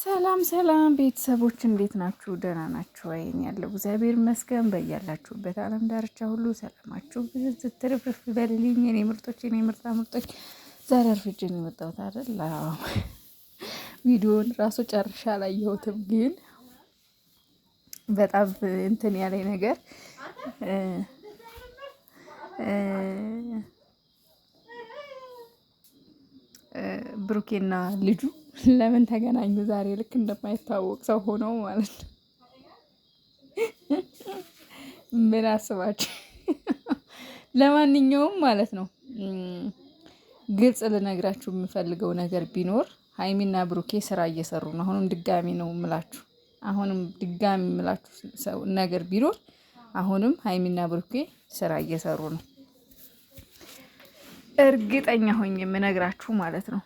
ሰላም ሰላም ቤተሰቦች እንዴት ናችሁ? ደህና ናችሁ ወይ? ያለው እግዚአብሔር ይመስገን። በያላችሁበት ዓለም ዳርቻ ሁሉ ሰላማችሁ ብዝት ትርፍርፍ በልልኝ የኔ ምርጦች፣ የኔ ምርጣ ምርጦች። ዛሬ አርፍጄ ነው የመጣሁት አይደል? ቪዲዮን ራሱ ጨርሼ አላየሁትም፣ ግን በጣም እንትን ያለኝ ነገር ብሩኬና ልጁ ለምን ተገናኙ ዛሬ ልክ እንደማይታወቅ ሰው ሆነው ማለት ነው። ምን አስባችሁ? ለማንኛውም ማለት ነው ግልጽ ልነግራችሁ የምፈልገው ነገር ቢኖር ሀይሚና ብሩኬ ስራ እየሰሩ ነው። አሁንም ድጋሚ ነው ምላችሁ፣ አሁንም ድጋሚ ምላችሁ ሰው ነገር ቢኖር አሁንም ሀይሚና ብሩኬ ስራ እየሰሩ ነው፣ እርግጠኛ ሆኜ የምነግራችሁ ማለት ነው።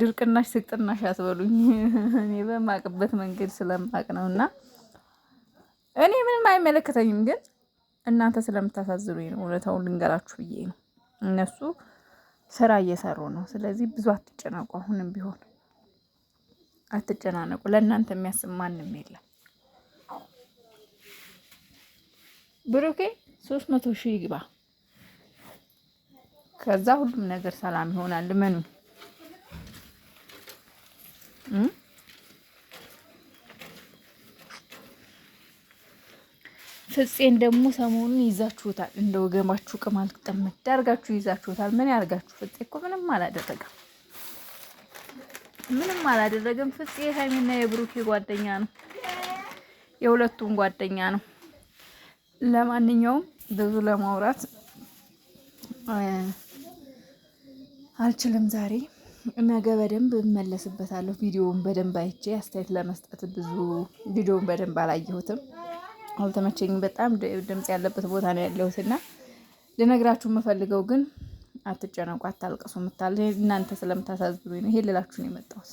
ድርቅናሽ ስቅጥናሽ ያስበሉኝ እኔ በማቅበት መንገድ ስለማቅ ነው እና እኔ ምንም አይመለከተኝም፣ ግን እናንተ ስለምታሳዝኑኝ ነው። እውነታውን ልንገራችሁ ብዬ ነው። እነሱ ስራ እየሰሩ ነው። ስለዚህ ብዙ አትጨናቁ። አሁንም ቢሆን አትጨናነቁ። ለእናንተ የሚያስብ ማንም የለም። ብሩኬ ሶስት መቶ ሺህ ይግባ። ከዛ ሁሉም ነገር ሰላም ይሆናል። እመኑኝ። ፍፄን ደግሞ ሰሞኑን ይዛችሁታል፣ እንደ ወገባችሁ ቅማል ጥምድ አርጋችሁ ይዛችሁታል። ምን ያርጋችሁ? ፍፄ እኮ ምንም አላደረገም፣ ምንም አላደረገም። ፍፄ የሀይሚና የብሩኬ ጓደኛ ነው፣ የሁለቱም ጓደኛ ነው። ለማንኛውም ብዙ ለማውራት አልችልም ዛሬ ነገ በደንብ እመለስበታለሁ። ቪዲዮውን በደንብ አይቼ አስተያየት ለመስጠት ብዙ ቪዲዮውን በደንብ አላየሁትም፣ አልተመቸኝም። በጣም ድምፅ ያለበት ቦታ ነው ያለሁትና ልነግራችሁ የምፈልገው ግን አትጨነቁ፣ አታልቅሱ። ምታለ እናንተ ስለምታሳዝኑ ነው ይሄ ልላችሁ ነው የመጣሁት።